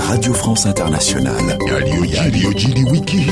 Radio France Internationale. Wiki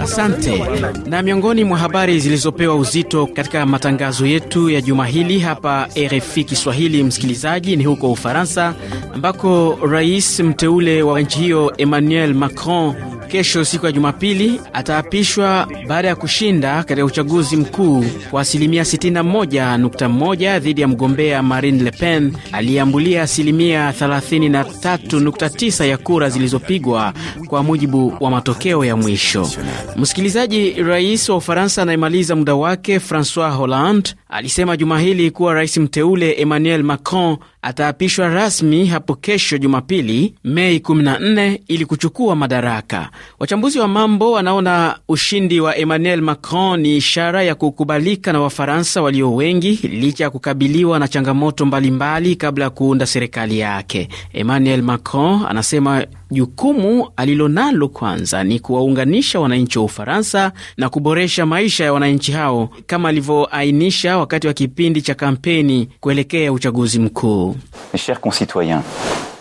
Asante. Na miongoni mwa habari zilizopewa uzito katika matangazo yetu ya juma hili hapa RFI Kiswahili, msikilizaji, ni huko Ufaransa ambako rais mteule wa nchi hiyo Emmanuel Macron kesho siku ya Jumapili ataapishwa baada ya kushinda katika uchaguzi mkuu kwa asilimia 61.1 dhidi ya mgombea Marine Le Pen aliyeambulia asilimia 33.9 ya kura zilizopigwa kwa mujibu wa matokeo ya mwisho. Msikilizaji, rais wa Ufaransa anayemaliza muda wake Francois Hollande alisema juma hili kuwa rais mteule Emmanuel Macron ataapishwa rasmi hapo kesho Jumapili, Mei 14 ili kuchukua madaraka. Wachambuzi wa mambo wanaona ushindi wa Emmanuel Macron ni ishara ya kukubalika na Wafaransa walio wengi licha ya kukabiliwa na changamoto mbalimbali kabla ya kuunda serikali yake. Emmanuel Macron anasema Jukumu alilonalo kwanza ni kuwaunganisha wananchi wa Ufaransa na kuboresha maisha ya wananchi hao kama alivyoainisha wakati wa kipindi cha kampeni kuelekea uchaguzi mkuu. Mes chers concitoyens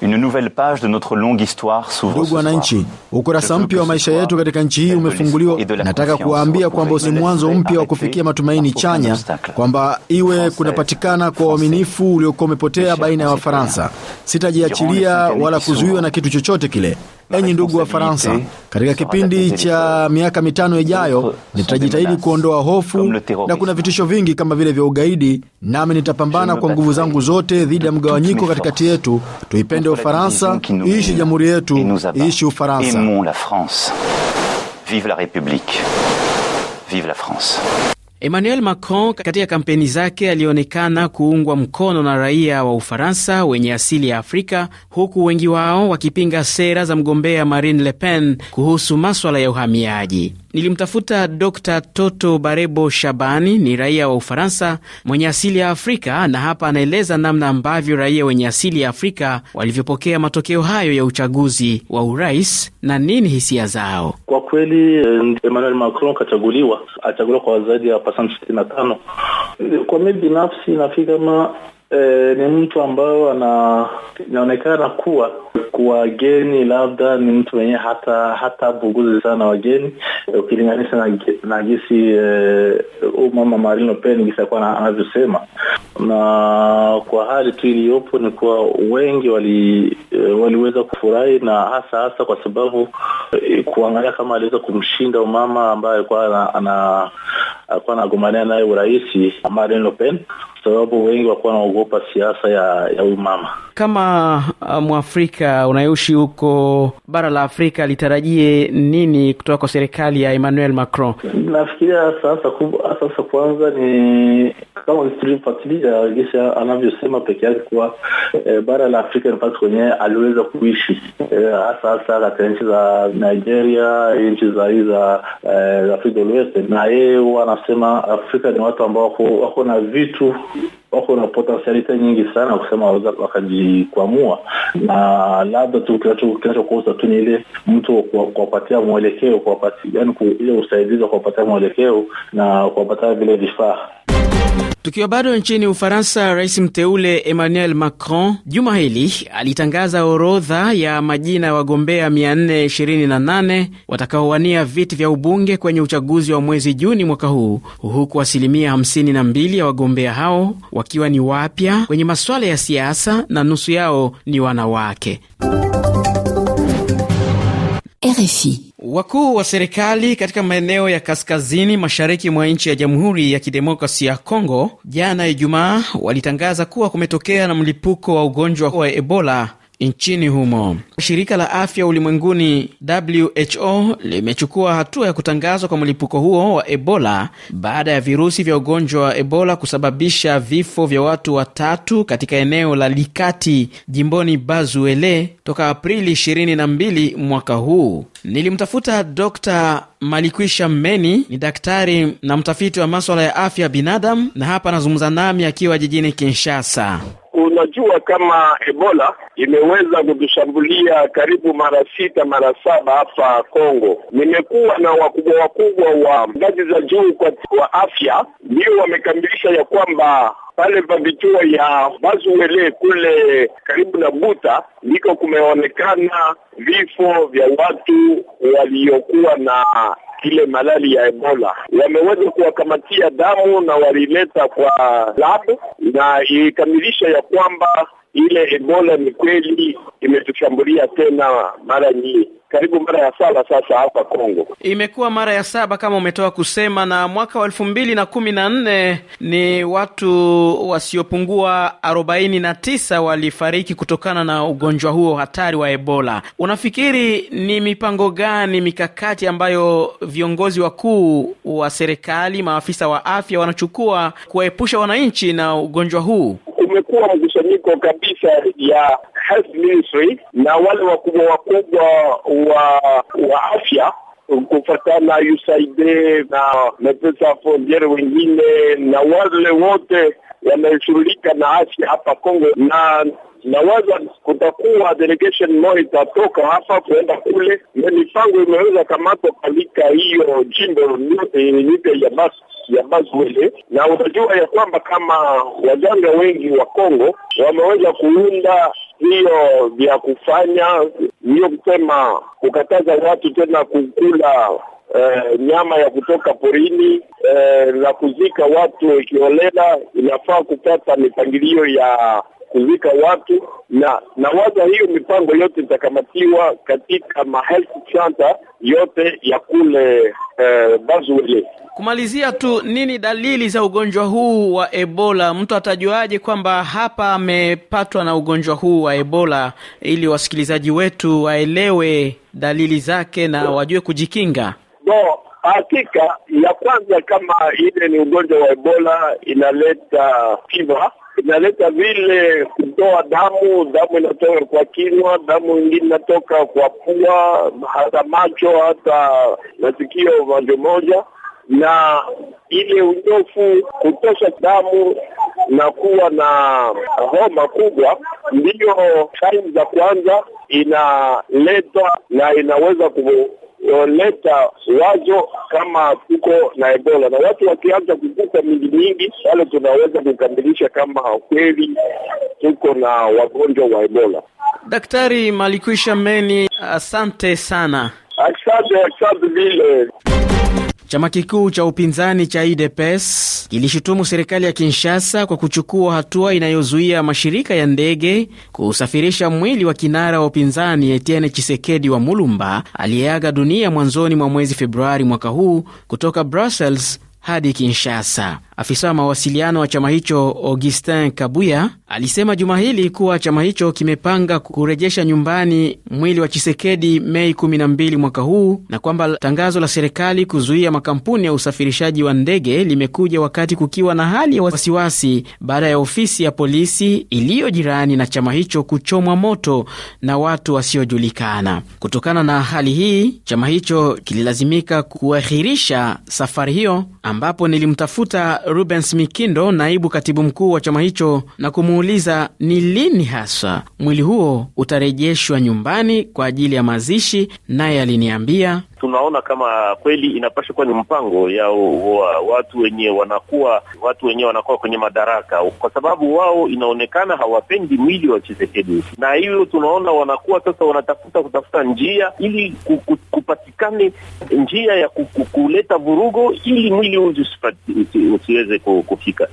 Ndugu wananchi, ukurasa mpya wa maisha yetu katika nchi hii umefunguliwa. Nataka kuwaambia kwamba usi mwanzo mpya wa kufikia matumaini chanya, kwamba iwe kunapatikana kwa uaminifu uliokuwa umepotea baina ya Wafaransa. Sitajiachilia wala kuzuiwa na kitu chochote kile. Enyi ndugu wa Faransa, katika kipindi cha miaka mitano ijayo nitajitahidi kuondoa hofu, na kuna vitisho vingi kama vile vya ugaidi, nami nitapambana kwa nguvu zangu zote dhidi ya mgawanyiko katikati yetu. Tuipende Ufaransa, iishi jamhuri yetu, iishi Ufaransa. Vive la République. Vive la France. Emmanuel Macron katika kampeni zake alionekana kuungwa mkono na raia wa Ufaransa wenye asili ya Afrika, huku wengi wao wakipinga sera za mgombea Marine Le Pen kuhusu maswala ya uhamiaji. Nilimtafuta Dr Toto Barebo Shabani, ni raia wa Ufaransa mwenye asili ya Afrika, na hapa anaeleza namna ambavyo raia wenye asili ya Afrika walivyopokea matokeo hayo ya uchaguzi wa urais na nini hisia zao. Kwa kweli, eh, Emmanuel Macron kachaguliwa, achaguliwa kwa zaidi ya pasanti sitini na tano. Eh, kwa mi binafsi nafikiri kama E, ni mtu ambayo ana inaonekana kuwa wageni labda ni mtu mwenye hata hata buguzi sana wageni ukilinganisha na, na gisi eh, huu uh, mama Marine Le Pen gisi anavyosema na kwa hali tu iliyopo ni kuwa wengi wali uh, waliweza kufurahi na hasa hasa kwa sababu uh, kuangalia kama aliweza kumshinda umama ambaye alikuwa anagombania naye urais Marine Le Pen sababu wengi wakuwa wanaogopa siasa ya ya huyu mama. Kama uh, Mwafrika unayeishi huko bara la Afrika litarajie nini kutoka kwa serikali ya Emmanuel Macron? Nafikiria sasa kubwa, sasa kwanza ni kama tulivyofuatilia jinsi anavyosema peke yake kuwa e, bara la Afrika ni patu kwenyewe aliweza kuishi eh, hasa e, hasa katika nchi za Nigeria, nchi za hii za e, Afrika Ulweste, na yeye huwa anasema Afrika ni watu ambao wako na vitu wako na potentialite nyingi sana kusema wakajikwamua na labda tu kinachokosa tu ni ile mtu kuwapatia mwelekeo yani ile usaidizi wa kuwapatia mwelekeo na kuwapatia vile vifaa Tukiwa bado nchini Ufaransa, rais mteule Emmanuel Macron juma hili alitangaza orodha ya majina ya wagombea 428 watakaowania viti vya ubunge kwenye uchaguzi wa mwezi Juni mwaka huu, huku asilimia 52 ya wagombea hao wakiwa ni wapya kwenye masuala ya siasa na nusu yao ni wanawake. RFI. Wakuu wa serikali katika maeneo ya kaskazini mashariki mwa nchi ya Jamhuri ya kidemokrasi ya congo jana Ijumaa walitangaza kuwa kumetokea na mlipuko wa ugonjwa wa Ebola nchini humo. Shirika la afya ulimwenguni WHO limechukua hatua ya kutangazwa kwa mlipuko huo wa Ebola baada ya virusi vya ugonjwa wa Ebola kusababisha vifo vya watu watatu katika eneo la Likati jimboni Bazuele toka Aprili 22 mwaka huu. Nilimtafuta Dr. Malikwisha Mmeni, ni daktari na mtafiti wa maswala ya afya ya binadamu, na hapa anazungumza nami akiwa jijini Kinshasa unajua kama Ebola imeweza kutushambulia karibu mara sita mara saba hapa Kongo. Nimekuwa na wakubwa wakubwa wa ngazi za juu kwa afya, ndio wamekamilisha ya kwamba pale pabitua ya Bazuwele kule karibu na Buta, ndiko kumeonekana vifo vya watu waliokuwa na kile malali ya Ebola. Wameweza kuwakamatia damu na walileta kwa lab na ikamilisha ya kwamba vile Ebola ni kweli imetushambulia tena mara nyingi, karibu mara ya saba sasa hapa Kongo. Imekuwa mara ya saba kama umetoa kusema, na mwaka wa elfu mbili na kumi na nne ni watu wasiopungua arobaini na tisa walifariki kutokana na ugonjwa huo hatari wa Ebola. Unafikiri ni mipango gani, mikakati ambayo viongozi wakuu wa serikali, maafisa wa afya wanachukua kuwaepusha wananchi na ugonjwa huu? umekuwa mkusanyiko kabisa ya health ministry na wale wakubwa wakubwa wa wa afya kufatana USAID na Mepesa Fondiere wengine na wale wote wanaoshughulika na afya hapa Kongo, na nawaza kutakuwa delegation moja itatoka hapa kuenda kule, na mipango imeweza kamatwa katika hiyo jimbo yote ya Basi ya wele, na unajua ya kwamba kama waganga wengi wa Kongo wameweza kuunda hiyo vya kufanya hiyo kusema kukataza watu tena kukula Uh, nyama ya kutoka porini uh, na kuzika watu ikiolela, inafaa kupata mipangilio ya kuzika watu na na waza hiyo mipango yote itakamatiwa katika mahealth center yote ya kule eh, Bazuele. Kumalizia tu, nini dalili za ugonjwa huu wa Ebola? Mtu atajuaje kwamba hapa amepatwa na ugonjwa huu wa Ebola ili wasikilizaji wetu waelewe dalili zake na wajue kujikinga? No. Hakika ya kwanza, kama ile ni ugonjwa wa Ebola inaleta fiva inaleta vile kutoa damu, damu inatoka kwa kinywa, damu ingine inatoka kwa pua, hata macho, hata masikio, majo moja na ile unyofu kutosha damu na kuwa na homa kubwa, ndiyo saini za kwanza inaletwa na inaweza kubu leta wazo kama tuko na Ebola na watu wakianza kukuta mingi mingi, wale tunaweza kukamilisha kama kweli tuko na wagonjwa wa Ebola. Daktari Malikwisha Meni, asante sana. Asante, asante vile. Chama kikuu cha upinzani cha UDPS kilishutumu serikali ya Kinshasa kwa kuchukua hatua inayozuia mashirika ya ndege kuusafirisha mwili wa kinara wa upinzani Etienne Chisekedi wa Mulumba aliyeaga dunia mwanzoni mwa mwezi Februari mwaka huu kutoka Brussels hadi Kinshasa. Afisa wa mawasiliano wa chama hicho Augustin Kabuya alisema juma hili kuwa chama hicho kimepanga kurejesha nyumbani mwili wa Chisekedi Mei 12 mwaka huu na kwamba tangazo la serikali kuzuia makampuni ya usafirishaji wa ndege limekuja wakati kukiwa na hali ya wasiwasi baada ya ofisi ya polisi iliyo jirani na chama hicho kuchomwa moto na watu wasiojulikana. Kutokana na hali hii, chama hicho kililazimika kuahirisha safari hiyo, ambapo nilimtafuta Rubens Mikindo, naibu katibu mkuu wa chama hicho, na kumuuliza ni lini hasa mwili huo utarejeshwa nyumbani kwa ajili ya mazishi, naye aliniambia tunaona kama kweli inapasha kuwa ni mpango ya watu wenye wanakuwa watu wenye wanakuwa kwenye madaraka, kwa sababu wao inaonekana hawapendi mwili wa Chisekedi, na hiyo tunaona wanakuwa sasa wanatafuta kutafuta njia ili kupatikane njia ya kuleta vurugo ili mwili huu usiweze kufika.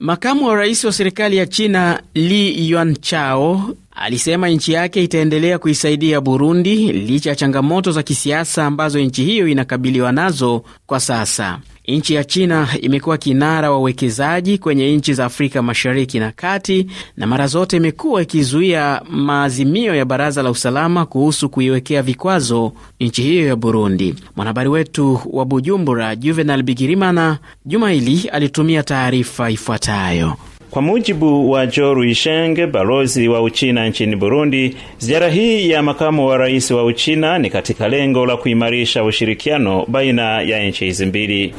Makamu wa rais wa serikali ya China Li Yuanchao Alisema nchi yake itaendelea kuisaidia Burundi licha ya changamoto za kisiasa ambazo nchi hiyo inakabiliwa nazo kwa sasa. Nchi ya China imekuwa kinara wa uwekezaji kwenye nchi za Afrika Mashariki na Kati, na mara zote imekuwa ikizuia maazimio ya Baraza la Usalama kuhusu kuiwekea vikwazo nchi hiyo ya Burundi. Mwanahabari wetu wa Bujumbura, Juvenal Bigirimana, juma hili alitumia taarifa ifuatayo. Kwa mujibu wa Jo Ruisheng, balozi wa Uchina nchini Burundi, ziara hii ya makamu wa rais wa Uchina ni katika lengo la kuimarisha ushirikiano baina ya nchi hizi mbili.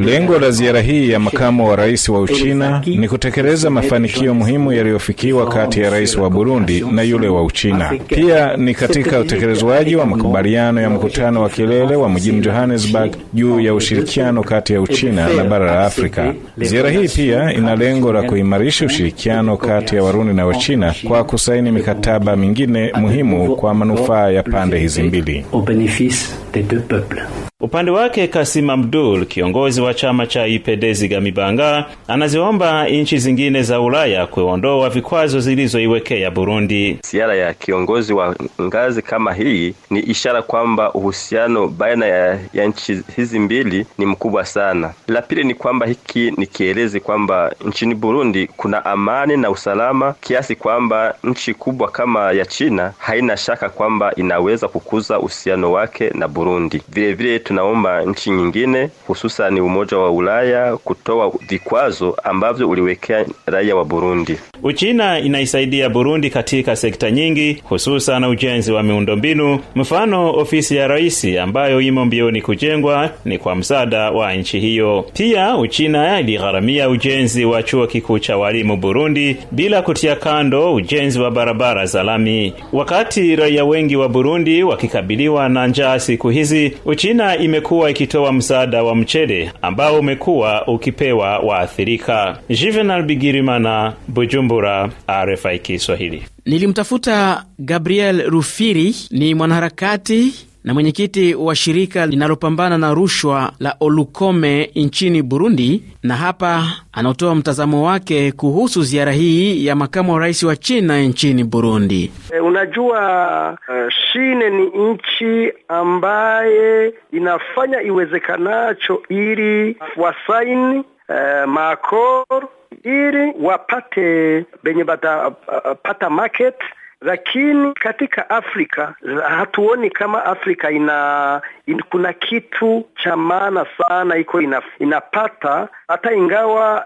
Lengo la ziara hii ya makamu wa rais wa Uchina ni kutekeleza mafanikio muhimu yaliyofikiwa kati ya rais wa Burundi na yule wa Uchina. Pia ni katika utekelezwaji wa makubaliano ya mkutano wa kilele wa mjini Johannesburg juu ya ushirikiano kati ya Uchina China na bara la Afrika. Ziara hii pia ina lengo la kuimarisha ushirikiano kati ya Warundi na Wachina kwa kusaini mikataba mingine muhimu kwa manufaa ya pande hizi mbili. Upande wake Kasim Abdul, kiongozi wa chama cha Ipedezi Gamibanga, anaziomba nchi zingine za Ulaya kuondoa vikwazo zilizoiwekea Burundi. Ziara ya kiongozi wa ngazi kama hii ni ishara kwamba uhusiano baina ya, ya nchi hizi mbili ni mkubwa sana. La pili ni kwamba hiki ni kielezi kwamba nchini Burundi kuna amani na usalama kiasi kwamba nchi kubwa kama ya China haina shaka kwamba inaweza kukuza uhusiano wake na Burundi. Vilevile tunaomba nchi nyingine hususani Umoja wa Ulaya kutoa vikwazo ambavyo uliwekea raia wa Burundi. Uchina inaisaidia Burundi katika sekta nyingi, hususan ujenzi wa miundombinu. Mfano, ofisi ya rais ambayo imo mbioni kujengwa ni kwa msaada wa nchi hiyo. Pia Uchina iligharamia ujenzi wa chuo kikuu cha walimu Burundi, bila kutia kando ujenzi wa barabara za lami. Wakati raia wengi wa Burundi wakikabiliwa na njaa siku hizi, Uchina imekuwa ikitoa msaada wa mchele ambao umekuwa ukipewa waathirika. Juvenal Bigirimana, Bujumbura, RFI Kiswahili. Nilimtafuta Gabriel Rufiri, ni mwanaharakati na mwenyekiti wa shirika linalopambana na rushwa la Olukome nchini Burundi, na hapa anaotoa mtazamo wake kuhusu ziara hii ya makamu wa rais wa China nchini Burundi. E, unajua uh, eh, Shine ni nchi ambaye inafanya iwezekanacho ili wasaini uh, maakor ili wapate benye batapata market lakini katika Afrika hatuoni kama Afrika ina, in, kuna kitu cha maana sana iko ina, inapata hata ingawa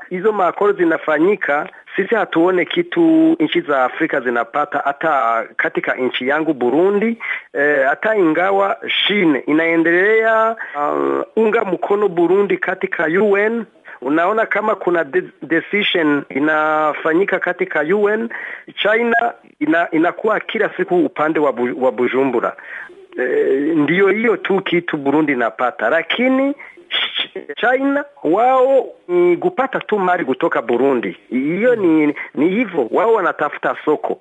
uh, hizo uh, maakoro zinafanyika sisi hatuone kitu nchi za Afrika zinapata hata katika nchi yangu Burundi eh, hata eh, ingawa shine inaendelea uh, unga mkono Burundi katika UN Unaona kama kuna de decision inafanyika katika UN, China ina, inakuwa kila siku upande wa, bu, wa Bujumbura. E, ndiyo hiyo tu kitu Burundi inapata, lakini China wao ni kupata tu mali kutoka Burundi. Hiyo ni, ni hivyo wao wanatafuta soko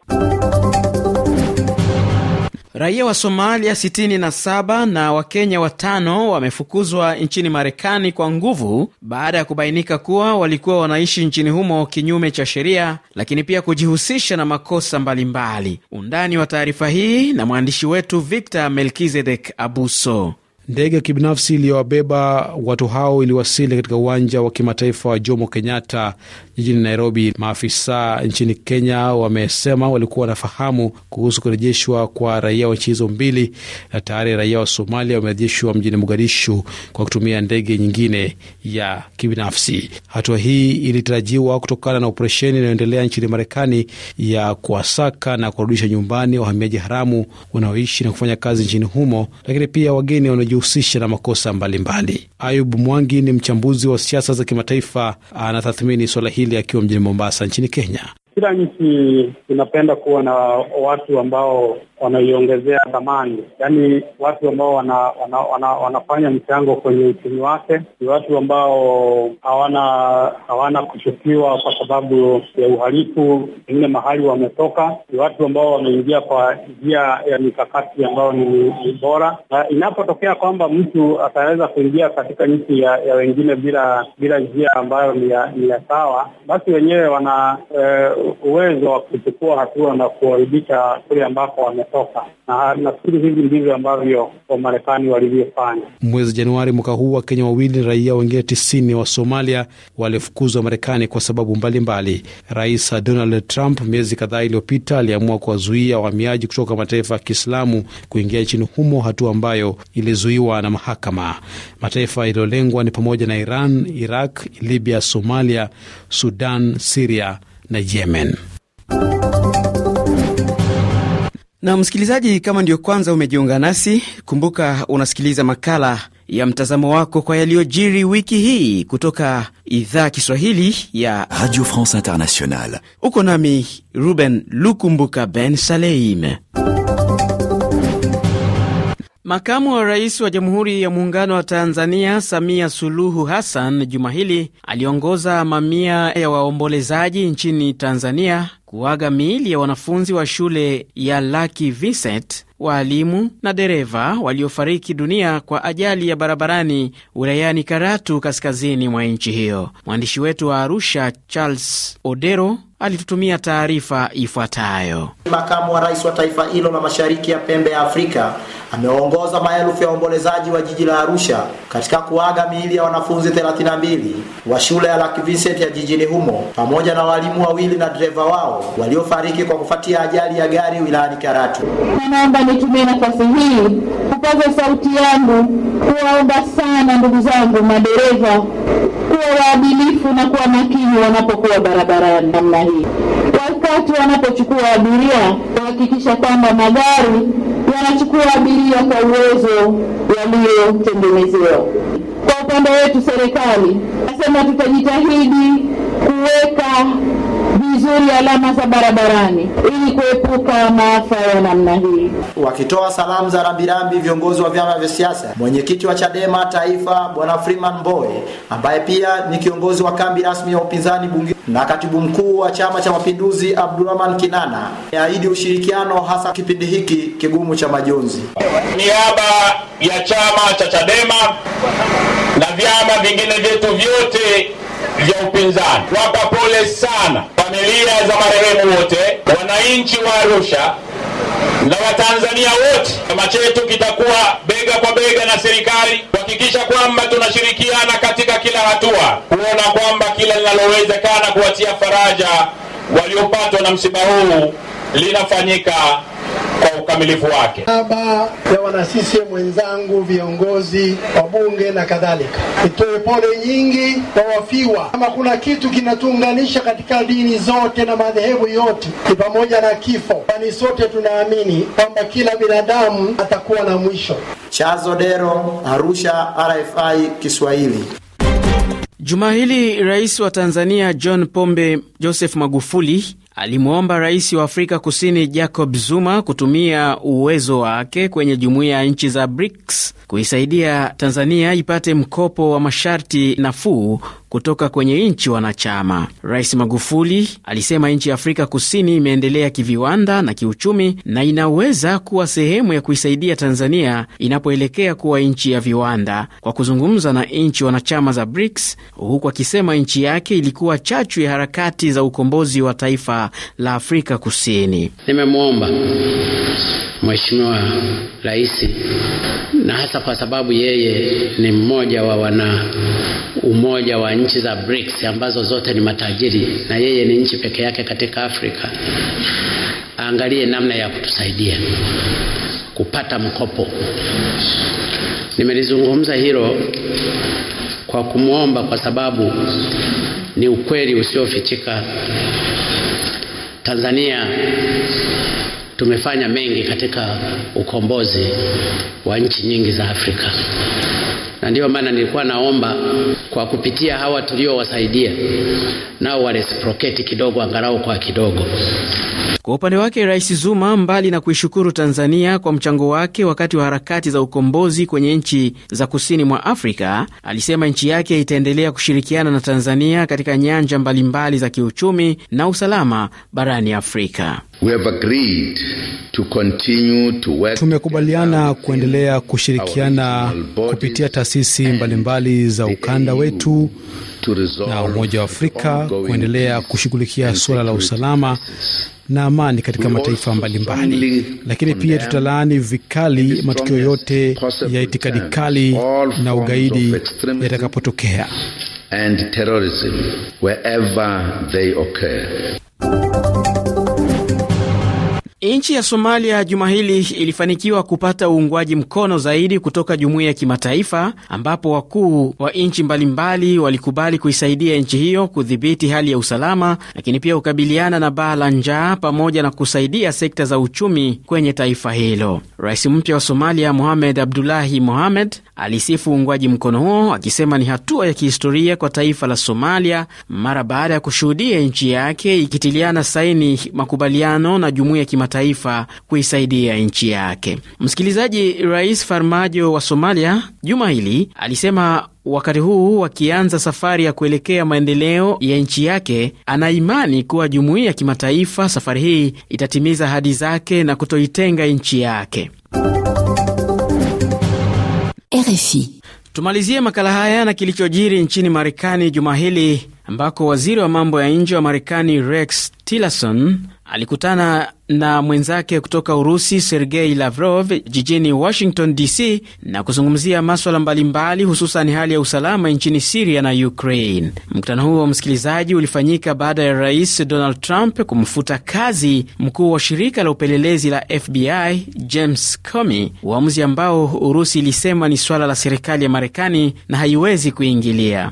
Raia wa Somalia 67 na Wakenya watano wamefukuzwa nchini Marekani kwa nguvu baada ya kubainika kuwa walikuwa wanaishi nchini humo kinyume cha sheria, lakini pia kujihusisha na makosa mbalimbali mbali. Undani wa taarifa hii na mwandishi wetu Victor Melkizedek Abuso. Ndege ya kibinafsi iliyowabeba watu hao iliwasili katika uwanja wa kimataifa wa Jomo Kenyatta jijini Nairobi. Maafisa nchini Kenya wamesema walikuwa wanafahamu kuhusu kurejeshwa kwa raia wa nchi hizo mbili, na tayari raia wa Somalia wamerejeshwa mjini Mogadishu kwa kutumia ndege nyingine ya kibinafsi. Hatua hii ilitarajiwa kutokana na operesheni inayoendelea nchini Marekani ya kuwasaka na kurudisha nyumbani wahamiaji haramu wanaoishi na kufanya kazi nchini humo, lakini pia wageni wanaju kujihusisha na makosa mbalimbali. Ayub Mwangi ni mchambuzi wa siasa za kimataifa, anatathmini suala hili akiwa mjini Mombasa nchini Kenya. Kila nchi inapenda kuwa na watu ambao wanaiongezea thamani. Yaani watu ambao wana, wana, wana, wanafanya mchango kwenye uchumi wake ni watu ambao hawana hawana kushukiwa kwa sababu ya uhalifu, pengine mahali wametoka. Ni watu ambao wameingia kwa njia ya mikakati ambayo ni, ni bora, na inapotokea kwamba mtu ataweza kuingia katika nchi ya, ya wengine bila bila njia ambayo ni ya, ni ya sawa, basi wenyewe wana e, uwezo wa kuchukua hatua na kuwarudisha kule ambako wame itatoka, na nafikiri hivi ndivyo ambavyo Wamarekani walivyofanya. Mwezi Januari mwaka huu, Wakenya wawili raia wengine tisini wa Somalia walifukuzwa Marekani kwa sababu mbalimbali mbali. Rais Donald Trump miezi kadhaa iliyopita aliamua kuwazuia wahamiaji kutoka mataifa ya Kiislamu kuingia nchini humo, hatua ambayo ilizuiwa na mahakama. Mataifa yaliyolengwa ni pamoja na Iran, Iraq, Libya, Somalia, Sudan, Siria na Yemen. Na msikilizaji, kama ndiyo kwanza umejiunga nasi, kumbuka unasikiliza makala ya mtazamo wako kwa yaliyojiri wiki hii kutoka idhaa Kiswahili ya Radio France Internationale. Uko nami Ruben Lukumbuka Ben Saleim. Makamu wa rais wa Jamhuri ya Muungano wa Tanzania Samia Suluhu Hassan juma hili aliongoza mamia ya waombolezaji nchini Tanzania kuaga miili ya wanafunzi wa shule ya Lucky Vincent, waalimu na dereva waliofariki dunia kwa ajali ya barabarani wilayani Karatu, kaskazini mwa nchi hiyo. Mwandishi wetu wa Arusha, Charles Odero, alitutumia taarifa ifuatayo. Makamu wa rais wa taifa hilo la mashariki ya pembe ya Afrika ameongoza maelfu ya waombolezaji wa jiji la Arusha katika kuaga miili ya wanafunzi 32 wa shule ya Lucky Vincent ya jijini humo pamoja na walimu wawili na dereva wao waliofariki kwa kufuatia ajali ya gari wilayani Karatu. Naomba nitumie nafasi hii kupaza sauti yangu kuwaomba sana ndugu zangu madereva kuwa waadilifu na kuwa makini wanapokuwa barabarani namna serikali wakati wanapochukua abiria kuhakikisha kwamba magari yanachukua abiria kwa uwezo waliotengenezewa. Kwa upande wetu serikali nasema tutajitahidi kuweka vizuri alama za barabarani ili kuepuka maafa ya namna hii. Wakitoa salamu za rambirambi, viongozi wa vyama vya siasa, mwenyekiti wa Chadema Taifa Bwana Freeman Mbowe ambaye pia ni kiongozi wa kambi rasmi ya upinzani bunge na katibu mkuu wa Chama cha Mapinduzi Abdulrahman Kinana ameahidi ushirikiano hasa kipindi hiki kigumu cha majonzi. Niaba ya chama cha Chadema na vyama vingine vyetu vyote vya upinzani, wapa pole sana familia za marehemu wote, wananchi wa Arusha na Watanzania wote. Chama chetu kitakuwa bega kwa bega na serikali kuhakikisha kwamba tunashirikiana katika kila hatua, kuona kwamba kila linalowezekana kuwatia faraja waliopatwa na msiba huu linafanyika kwa ukamilifu wake. Baba ya wana CCM wenzangu, viongozi, wa bunge na kadhalika, nitoe pole nyingi kwa wafiwa. Kama kuna kitu kinatuunganisha katika dini zote na madhehebu yote ni pamoja na kifo, kwani sote tunaamini kwamba kila binadamu atakuwa na mwisho. Chazo Dero, Arusha, RFI Kiswahili. Juma hili Rais wa Tanzania John Pombe Joseph Magufuli alimwomba rais wa Afrika Kusini Jacob Zuma kutumia uwezo wake kwenye jumuiya ya nchi za BRICS kuisaidia Tanzania ipate mkopo wa masharti nafuu kutoka kwenye nchi wanachama. Rais Magufuli alisema nchi ya Afrika Kusini imeendelea kiviwanda na kiuchumi na inaweza kuwa sehemu ya kuisaidia Tanzania inapoelekea kuwa nchi ya viwanda kwa kuzungumza na nchi wanachama za BRICS, huku akisema nchi yake ilikuwa chachu ya harakati za ukombozi wa taifa la Afrika Kusini. Nimemwomba Mheshimiwa Rais, na hasa kwa sababu yeye ni mmoja wa wana umoja wa nchi za BRICS ambazo zote ni matajiri na yeye ni nchi peke yake katika Afrika, aangalie namna ya kutusaidia kupata mkopo. Nimelizungumza hilo kwa kumwomba, kwa sababu ni ukweli usiofichika. Tanzania tumefanya mengi katika ukombozi wa nchi nyingi za Afrika, na ndiyo maana nilikuwa naomba kwa kupitia hawa tuliowasaidia nao wareciprocate kidogo, angalau kwa kidogo. Kwa upande wake Rais Zuma, mbali na kuishukuru Tanzania kwa mchango wake wakati wa harakati za ukombozi kwenye nchi za kusini mwa Afrika, alisema nchi yake itaendelea kushirikiana na Tanzania katika nyanja mbalimbali mbali za kiuchumi na usalama barani Afrika. Tumekubaliana kuendelea kushirikiana kupitia taasisi mbalimbali za ukanda wetu na Umoja wa Afrika kuendelea kushughulikia suala la usalama na amani katika mataifa mbalimbali, lakini pia tutalaani vikali matukio yote ya itikadi kali na ugaidi yatakapotokea. And terrorism wherever they occur. Nchi ya Somalia juma hili ilifanikiwa kupata uungwaji mkono zaidi kutoka jumuiya ya kimataifa, ambapo wakuu wa nchi mbalimbali walikubali kuisaidia nchi hiyo kudhibiti hali ya usalama, lakini pia kukabiliana na baa la njaa pamoja na kusaidia sekta za uchumi kwenye taifa hilo. Rais mpya wa Somalia Mohamed Abdullahi Mohamed alisifu uungwaji mkono huo akisema ni hatua ya kihistoria kwa taifa la Somalia mara baada ya kushuhudia nchi yake ikitiliana saini makubaliano na jumuiya ya kimataifa kimataifa kuisaidia nchi yake. Msikilizaji, Rais Farmajo wa Somalia juma hili alisema wakati huu wakianza safari ya kuelekea maendeleo ya nchi yake, anaimani kuwa jumuiya ya kimataifa safari hii itatimiza ahadi zake na kutoitenga nchi yake. RFI. Tumalizie makala haya na kilichojiri nchini Marekani juma hili ambako waziri wa mambo ya nje wa Marekani Rex Tillerson alikutana na mwenzake kutoka Urusi Sergei Lavrov jijini Washington DC na kuzungumzia maswala mbalimbali, hususan hali ya usalama nchini Siria na Ukraine. Mkutano huo, msikilizaji, ulifanyika baada ya Rais Donald Trump kumfuta kazi mkuu wa shirika la upelelezi la FBI James Comey, uamuzi ambao Urusi ilisema ni swala la serikali ya Marekani na haiwezi kuingilia.